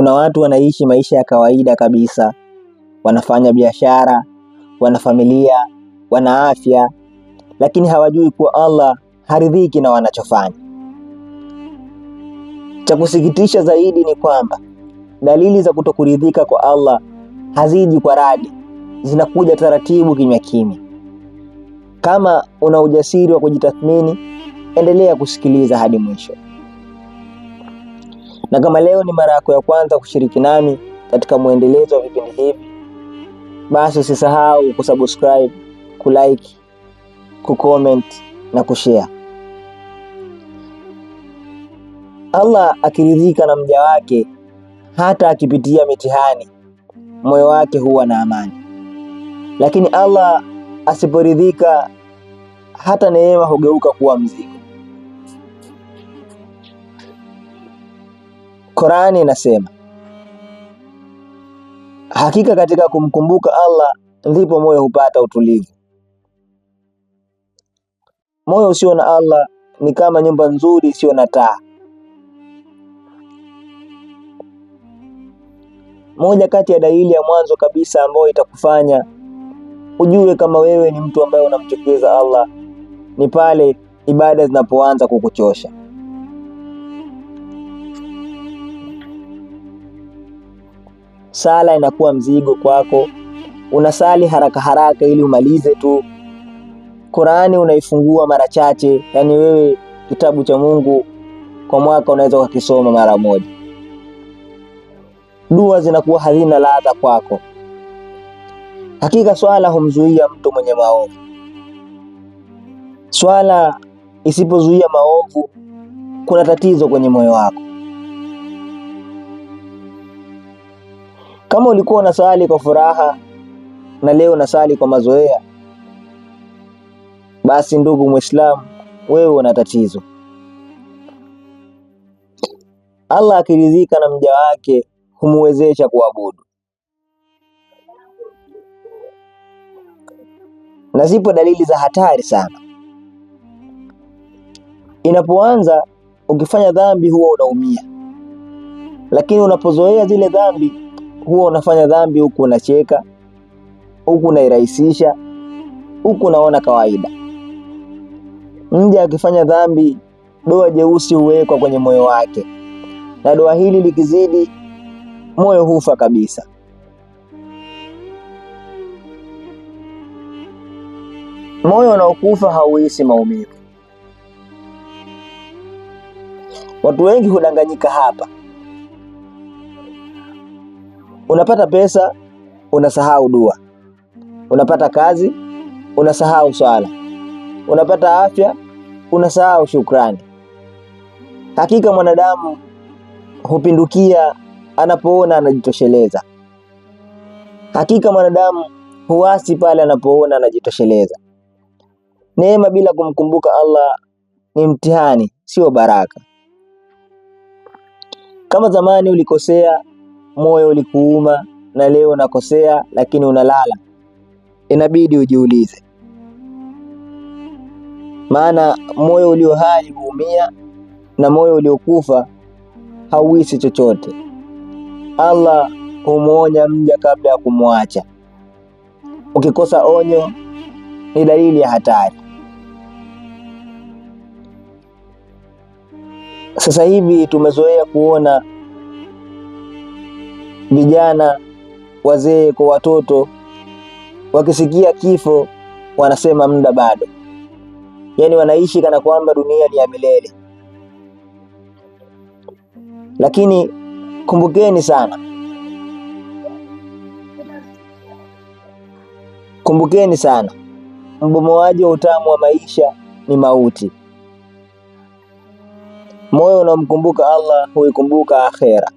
Kuna watu wanaishi maisha ya kawaida kabisa, wanafanya biashara, wana familia, wana afya, lakini hawajui kuwa Allah haridhiki na wanachofanya. Cha kusikitisha zaidi ni kwamba dalili za kutokuridhika kwa Allah haziji kwa radi, zinakuja taratibu, kimya kimya. Kama una ujasiri wa kujitathmini, endelea kusikiliza hadi mwisho. Na kama leo ni mara yako ya kwanza kushiriki nami katika mwendelezo wa vipindi hivi, basi usisahau kusubscribe, kulike, kucomment na kushare. Allah akiridhika na mja wake, hata akipitia mitihani, moyo wake huwa na amani, lakini Allah asiporidhika, hata neema hugeuka kuwa mzigo. Qurani inasema hakika katika kumkumbuka Allah ndipo moyo hupata utulivu. Moyo usio na Allah ni kama nyumba nzuri isiyo na taa. Moja kati ya dalili ya mwanzo kabisa ambayo itakufanya ujue kama wewe ni mtu ambaye unamchukiza Allah ni pale ibada zinapoanza kukuchosha. sala inakuwa mzigo kwako, unasali haraka haraka ili umalize tu. Qurani unaifungua mara chache, yaani wewe kitabu cha Mungu kwa mwaka unaweza ukakisoma mara moja. Dua zinakuwa hazina ladha kwako. Hakika swala humzuia mtu mwenye maovu. Swala isipozuia maovu, kuna tatizo kwenye moyo wako. Kama ulikuwa unasali kwa furaha na leo unasali kwa mazoea, basi ndugu Muislamu, wewe una tatizo. Allah akiridhika na mja wake humwezesha kuabudu, na zipo dalili za hatari sana. Inapoanza ukifanya dhambi huwa unaumia, lakini unapozoea zile dhambi huwa unafanya dhambi huku unacheka, huku unairahisisha, huku unaona kawaida. Mja akifanya dhambi, doa jeusi huwekwa kwenye moyo wake, na doa hili likizidi, moyo hufa kabisa. Moyo unaokufa hauhisi maumivu. Watu wengi hudanganyika hapa. Unapata pesa unasahau dua, unapata kazi unasahau swala, unapata afya unasahau shukrani. Hakika mwanadamu hupindukia anapoona anajitosheleza. Hakika mwanadamu huasi pale anapoona anajitosheleza. Neema bila kumkumbuka Allah ni mtihani, sio baraka. Kama zamani ulikosea moyo ulikuuma na leo unakosea, lakini unalala. Inabidi ujiulize, maana moyo ulio hai huumia na moyo uliokufa hauisi chochote. Allah humwonya mja kabla ya kumwacha. Ukikosa onyo ni dalili ya hatari. Sasa hivi tumezoea kuona vijana, wazee kwa watoto, wakisikia kifo wanasema muda bado, yaani wanaishi kana kwamba dunia ni ya milele. Lakini kumbukeni sana, kumbukeni sana, mbomoaji wa utamu wa maisha ni mauti. Moyo unamkumbuka Allah huikumbuka akhera.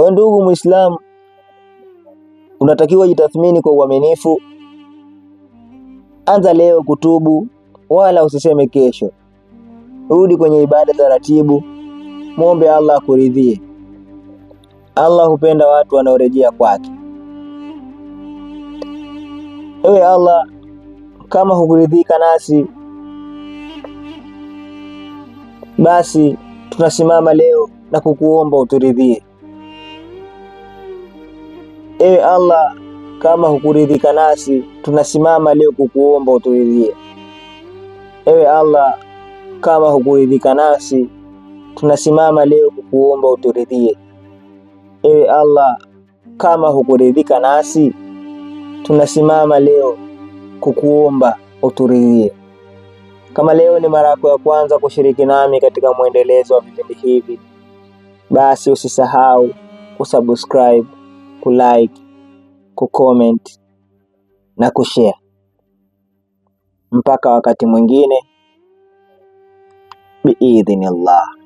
Kwa hiyo ndugu Muislamu, unatakiwa jitathmini kwa uaminifu. Anza leo kutubu, wala usiseme kesho. Rudi kwenye ibada taratibu, mwombe Allah akuridhie. Allah hupenda watu wanaorejea kwake. Ewe Allah, kama hukuridhika nasi, basi tunasimama leo na kukuomba uturidhie. Ewe Allah, kama hukuridhika nasi, tunasimama leo kukuomba uturidhie. Ewe Allah, kama hukuridhika nasi, tunasimama leo kukuomba uturidhie. Ewe Allah, kama hukuridhika nasi, tunasimama leo kukuomba uturidhie. Kama leo ni mara yako ya kwanza kushiriki nami katika mwendelezo wa vipindi hivi, basi usisahau kusubscribe kulike, kucomment na kushare. Mpaka wakati mwingine, biidhinillah.